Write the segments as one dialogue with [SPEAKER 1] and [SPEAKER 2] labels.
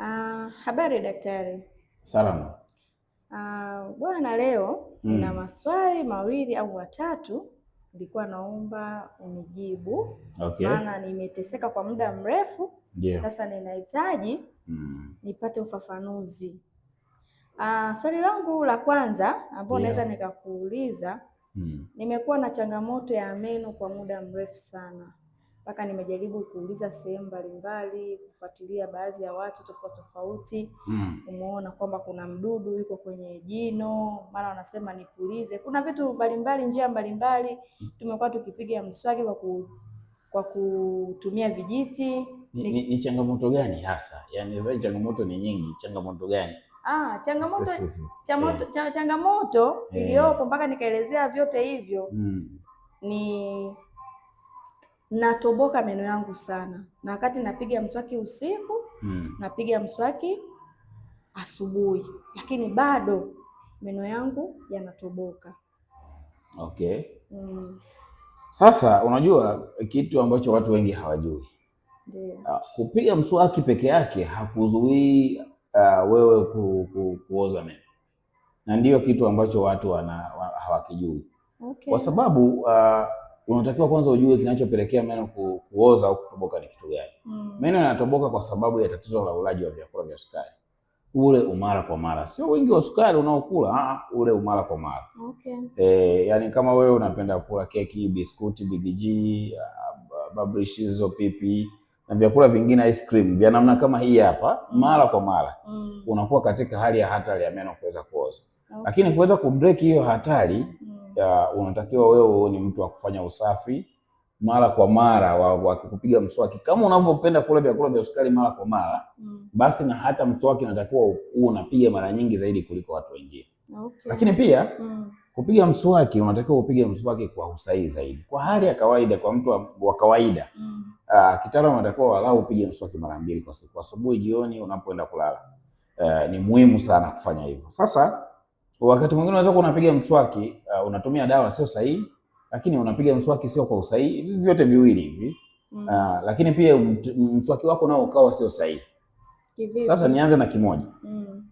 [SPEAKER 1] Uh, habari daktari. Salama. Uh, bwana leo mm. na maswali mawili au matatu nilikuwa naomba unijibu. Okay. Maana nimeteseka kwa muda mrefu. Yeah. Sasa ninahitaji mm. nipate ufafanuzi. Uh, swali langu la kwanza ambao naweza yeah. nikakuuliza mm. nimekuwa na changamoto ya meno kwa muda mrefu sana mpaka nimejaribu kuuliza sehemu mbalimbali, kufuatilia baadhi ya watu tofauti tofauti mm. Umeona kwamba kuna mdudu yuko kwenye jino, mara wanasema nipulize. Kuna vitu mbalimbali, njia mbalimbali tumekuwa tukipiga mswaki kwa ku, kwa kutumia vijiti.
[SPEAKER 2] Ni, ni, ni changamoto gani hasa? Yani zai changamoto ni nyingi, changamoto gani?
[SPEAKER 1] Ah, changamoto eh. changamoto, yeah. changamoto yeah. iliyopo mpaka nikaelezea vyote hivyo mm. ni natoboka meno yangu sana, na wakati napiga mswaki usiku mm. napiga mswaki asubuhi, lakini bado meno yangu yanatoboka.
[SPEAKER 2] Okay. Mm. Sasa unajua kitu ambacho watu wengi hawajui yeah. Kupiga mswaki peke yake hakuzuii uh, wewe ku, ku, kuoza meno, na ndiyo kitu ambacho watu wana, hawakijui okay. Kwa sababu uh, unatakiwa kwanza ujue kinachopelekea meno ku, kuoza au kutoboka ni kitu gani. Mm. Meno yanatoboka kwa sababu ya tatizo la ulaji wa vyakula vya sukari, ule umara kwa mara, sio wingi wa sukari unaokula, ah, ule umara kwa mara. Okay. E, yani kama wewe unapenda kula keki, biskuti, bigiji, babrish hizo pipi na vyakula vingine ice cream vya namna kama hii hapa hmm. mara kwa mara, mm. unakuwa katika hali ya hatari ya meno kuweza kuoza. Okay. Lakini kuweza kubreak hiyo hatari uh, unatakiwa wewe ni mtu wa kufanya usafi mara kwa mara, wakikupiga wa mswaki kama unavyopenda kula vyakula vya sukari mara kwa mara mm. basi na hata mswaki unatakiwa uwe unapiga mara nyingi zaidi kuliko watu wengine okay. Lakini pia mm. kupiga mswaki unatakiwa upige mswaki kwa usahihi zaidi, kwa hali ya kawaida, kwa mtu wa kawaida mm. uh, kitaalamu unatakiwa walau upige mswaki mara mbili kwa siku, asubuhi, jioni, unapoenda kulala. Uh, ni muhimu sana kufanya hivyo sasa Wakati mwingine unaweza kuwa unapiga mswaki uh, unatumia dawa sio sahihi, lakini unapiga mswaki sio kwa usahihi, vyote viwili hivi mm. Uh, lakini pia mswaki wako nao ukawa sio sahihi. Sasa nianze na kimoja mm.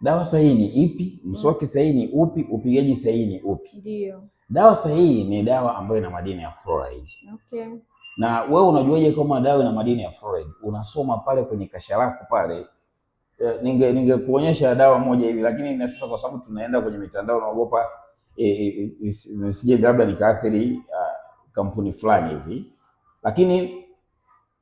[SPEAKER 2] Dawa sahihi ni ipi? Mm. Mswaki sahihi ni upi? Upigaji sahihi ni upi? Ndio. Dawa sahihi ni dawa ambayo ina madini ya fluoride. Okay. Na wewe unajuaje kama dawa ina madini ya fluoride? Unasoma pale kwenye kasha lako pale Eh, ninge ningekuonyesha dawa moja hivi, lakini na sasa kwa sababu tunaenda kwenye mitandao, naogopa eh, eh, nisije labda nikaathiri ah, kampuni fulani hivi, lakini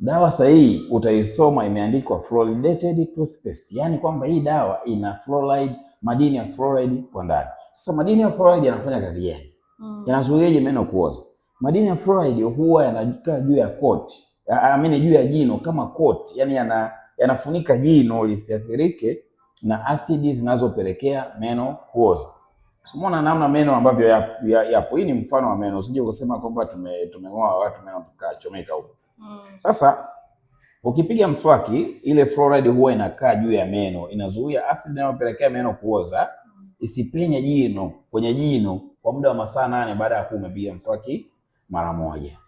[SPEAKER 2] dawa sahihi utaisoma imeandikwa fluoridated toothpaste, yani kwamba hii dawa ina fluoride, madini ya fluoride kwa ndani. Sasa madini ya fluoride yanafanya kazi gani? Mm. Yanazuiaje meno kuoza? Madini ya fluoride huwa yanakaa juu ya coat, I mean juu ya jino kama coat, yani yana yanafunika jino lisiathirike na asidi zinazopelekea meno kuoza. Umeona namna meno ambavyo yapo ya, ya, hii ni mfano wa meno. Usije ukasema kwamba tumeng'oa watu meno tukachomeka huko. Mm. Sasa ukipiga mswaki ile fluoride huwa inakaa juu ya meno, inazuia asidi inayopelekea meno kuoza mm. isipenye jino kwenye jino kwa muda wa masaa nane baada ya kuwa umepiga mswaki mara moja.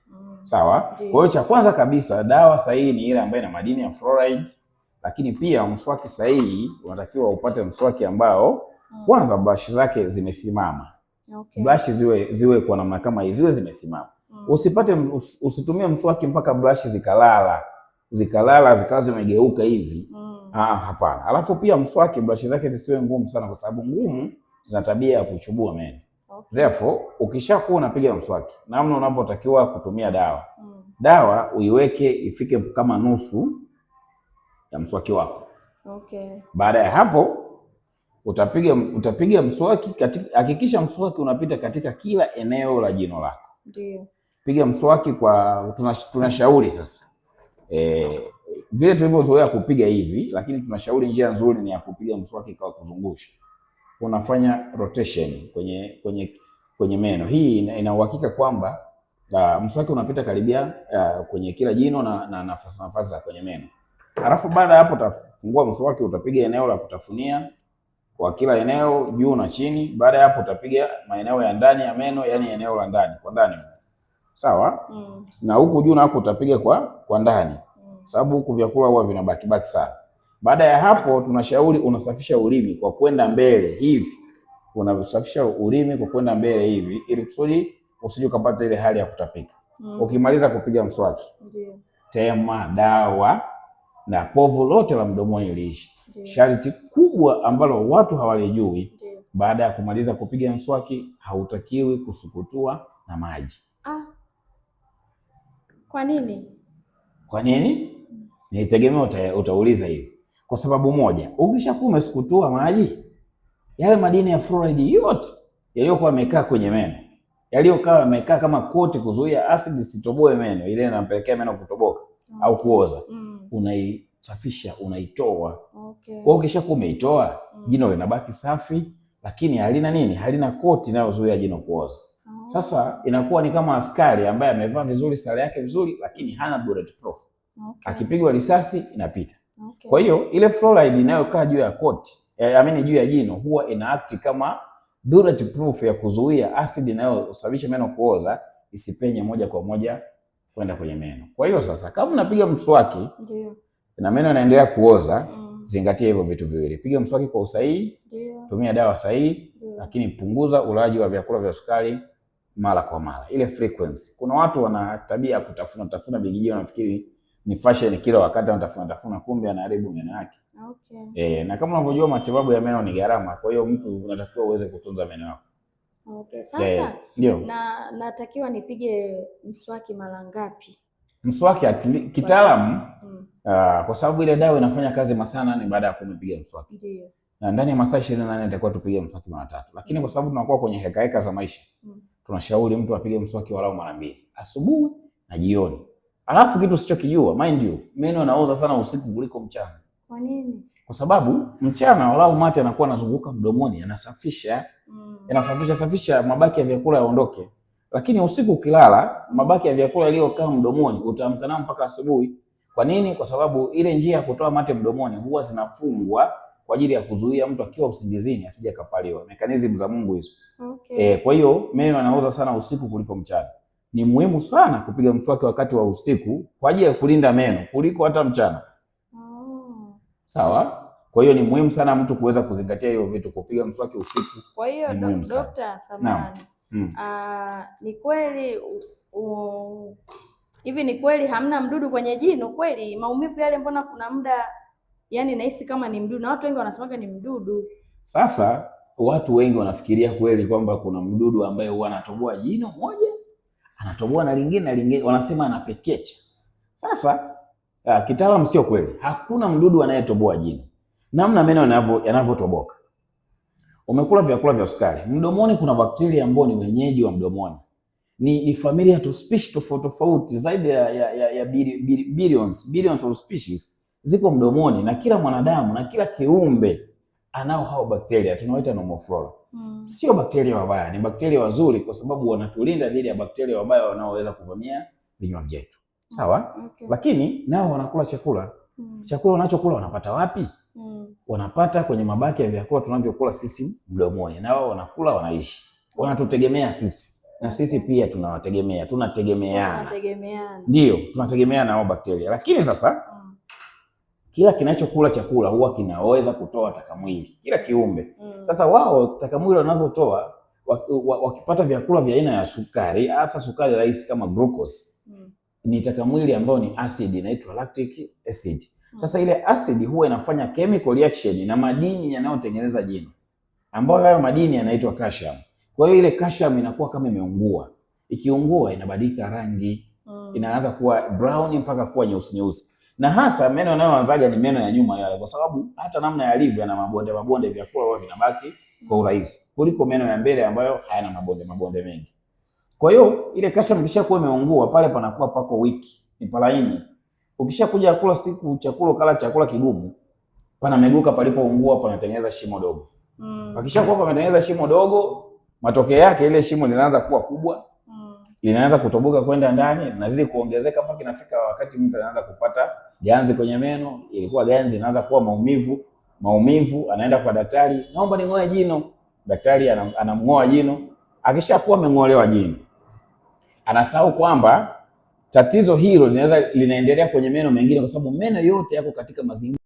[SPEAKER 2] Sawa. Kwa hiyo cha kwanza kabisa, dawa sahihi ni ile ambayo ina madini ya fluoride, lakini pia mswaki sahihi, unatakiwa upate mswaki ambao mm. kwanza brush zake zimesimama. Okay. Brush ziwe ziwe kwa namna kama hizi ziwe zimesimama. Mm. Usipate us, usitumie mswaki mpaka brush zikalala, zikalala zikawa zimegeuka hivi. Mm. Ah, hapana. Alafu pia mswaki brush zake zisiwe ngumu sana kwa sababu ngumu zina tabia ya kuchubua meno. Okay. Therefore, ukishakuwa unapiga mswaki, namna unavyotakiwa kutumia dawa mm. Dawa uiweke ifike kama nusu ya mswaki wako okay. Baada ya hapo utapiga utapiga mswaki katika, hakikisha mswaki unapita katika kila eneo la jino lako. Ndio. Piga mswaki kwa tunashauri sasa e, vile tulivyozoea kupiga hivi, lakini tunashauri njia nzuri ni ya kupiga mswaki kwa kuzungusha unafanya rotation kwenye kwenye kwenye meno. Hii ina uhakika kwamba uh, mswaki unapita karibia uh, kwenye kila jino na, na nafasi nafasi za kwenye meno. Alafu baada ya hapo utafungua mswaki, utapiga eneo la kutafunia kwa kila eneo juu na chini. Baada ya hapo utapiga maeneo ya ndani ya meno, yani eneo la ndani kwa ndani, sawa mm. na huku juu huku utapiga kwa kwa ndani mm. sababu huku vyakula huwa vinabaki baki sana baada ya hapo, tunashauri unasafisha ulimi kwa kwenda mbele hivi, unasafisha ulimi kwa kwenda mbele hivi, ili kusudi usije ukapata ile hali ya kutapika. Mm. Ukimaliza kupiga mswaki, ndio tema dawa na povu lote la mdomoni liishi. Sharti kubwa ambalo watu hawalijui, baada ya kumaliza kupiga mswaki hautakiwi kusukutua na maji.
[SPEAKER 1] Ah. Kwa nini?
[SPEAKER 2] Kwa nini? Mm. Nilitegemea uta, utauliza hivi kwa sababu moja, ukishakuwa umesukutua maji yale, madini ya fluoride yote yaliyokuwa yamekaa kwenye meno, yaliyokaa yamekaa kama koti kuzuia asidi isitoboe meno, ile inampelekea meno kutoboka mm. au kuoza mm. unaisafisha, unaitoa okay. Kwa ukishakuwa umeitoa mm. jino linabaki safi, lakini halina nini, halina koti inayozuia jino kuoza oh. Sasa inakuwa ni kama askari ambaye amevaa vizuri, sare yake vizuri, lakini hana bulletproof okay. Akipigwa risasi inapita. Kwa hiyo ile fluoride inayokaa juu ya koti, eh, I mean juu ya jino huwa ina act kama bulletproof ya kuzuia asidi inayosababisha meno kuoza isipenye moja kwa moja kwenda kwenye meno. Kwa hiyo sasa, kama unapiga mswaki ndio na meno yanaendelea kuoza mm, zingatia hivyo vitu viwili: piga mswaki kwa usahihi, Ndio. tumia dawa sahihi, lakini punguza ulaji wa vyakula vya sukari mara kwa mara, ile frequency. Kuna watu wana tabia ya kutafuna tafuna bigijio, wanafikiri ni fashion kila wakati anatafuna tafuna, kumbe anaharibu meno yake. Okay. Eh, na kama unavyojua matibabu ya meno ni gharama, kwa hiyo mtu unatakiwa uweze kutunza meno yako.
[SPEAKER 1] Okay, eh, sasa eh, na natakiwa nipige mswaki mara ngapi?
[SPEAKER 2] Mswaki kitaalamu mm, uh, kwa sababu ile dawa inafanya kazi masaa nane baada ya kumpiga mswaki. Ndio. Na ndani ya masaa 28 itakuwa tupige mswaki mara tatu. Lakini kwa sababu tunakuwa kwenye heka heka za maisha, mm, tunashauri mtu apige mswaki walau mara mbili, asubuhi na jioni. Alafu kitu usichokijua, mind you, meno yanaoza sana usiku kuliko mchana. Kwa nini? Kwa sababu mchana walau mate anakuwa anazunguka mdomoni, yanasafisha mm. yanasafisha safisha mabaki ya vyakula yaondoke, lakini usiku ukilala, mabaki ya vyakula yaliyokaa mdomoni utaamka nayo mpaka asubuhi. Kwa nini? Kwa sababu ile njia ya kutoa mate mdomoni huwa zinafungwa kwa ajili ya kuzuia mtu akiwa usingizini asije kapaliwa. Mekanizimu za Mungu hizo. Okay. E, kwa hiyo meno yanaoza sana usiku kuliko mchana ni muhimu sana kupiga mswaki wakati wa usiku kwa ajili ya kulinda meno kuliko hata mchana. Oh. Sawa? Kwa hiyo ni muhimu sana mtu kuweza kuzingatia hiyo vitu, kupiga mswaki usiku.
[SPEAKER 1] Kwa hiyo dokta, samahani. Mm. Ah, ni kweli hivi ni kweli hamna mdudu kwenye jino kweli? Maumivu yale mbona kuna muda yani nahisi kama ni mdudu, na watu wengi wanasemaga ni mdudu.
[SPEAKER 2] Sasa watu wengi wanafikiria kweli kwamba kuna mdudu ambaye huwa anatoboa jino moja anatoboa na lingine na lingine, wanasema anapekecha. Sasa uh, kitaalamu sio kweli, hakuna mdudu anayetoboa jino. Namna meno yanavyotoboka, umekula vyakula vya sukari, mdomoni kuna bakteria ambao ni wenyeji wa mdomoni, ni, ni familia to species tofauti tofauti zaidi ya, ya, ya, ya bili, bili, billions, billions of species ziko mdomoni, na kila mwanadamu na kila kiumbe anao hao bakteria, tunaoita nomoflora mm. Sio bakteria wabaya, ni bakteria wazuri, kwa sababu wanatulinda dhidi ya bakteria wabaya wanaoweza kuvamia vinywa vyetu, sawa? Mm, okay. Lakini nao wanakula chakula mm. Chakula wanachokula wanapata wapi? mm. Wanapata kwenye mabaki ya vyakula tunavyokula sisi mdomoni, na wao wanakula, wanaishi, wanatutegemea sisi na sisi pia tunawategemea, tunategemeana, ndio tunategemeana nao bakteria. Lakini sasa mm kila kinachokula chakula huwa kinaweza kutoa taka mwingi, kila kiumbe mm. Sasa wao taka mwingi wanazotoa wakipata vyakula vya aina ya sukari, hasa sukari rahisi kama glucose mm. ni taka mwingi ambayo ni asidi, inaitwa lactic acid mm. Sasa ile acid huwa inafanya chemical reaction na madini yanayotengeneza jino, ambayo hayo madini yanaitwa calcium. Kwa hiyo ile calcium inakuwa kama imeungua, ikiungua inabadilika rangi mm. inaanza kuwa brown mpaka kuwa nyeusi nyeusi na hasa meno yanayoanzaga ni meno ya nyuma yale, kwa sababu hata namna yalivyo yana mabonde mabonde, vyakula huwa vinabaki kwa urahisi kuliko meno ya mbele ambayo hayana mabonde mabonde mengi. Kwa hiyo ile kasha mkisha kuwa imeungua pale panakuwa pako wiki, ni palaini. Ukishakuja kula siku chakula kala chakula kigumu, panameguka palipoungua, panatengeneza shimo dogo. mm. Pakishakuwa pametengeneza shimo dogo, matokeo yake ile shimo linaanza kuwa kubwa linaanza kutoboka kwenda ndani, linazidi kuongezeka mpaka inafika wakati mtu anaanza kupata ganzi kwenye meno. Ilikuwa ganzi, inaanza kuwa maumivu, maumivu, anaenda kwa daktari, naomba ning'oe jino. Daktari anamng'oa jino, akishakuwa ameng'olewa jino anasahau kwamba tatizo hilo linaweza linaendelea kwenye meno mengine, kwa sababu meno yote yako katika mazingira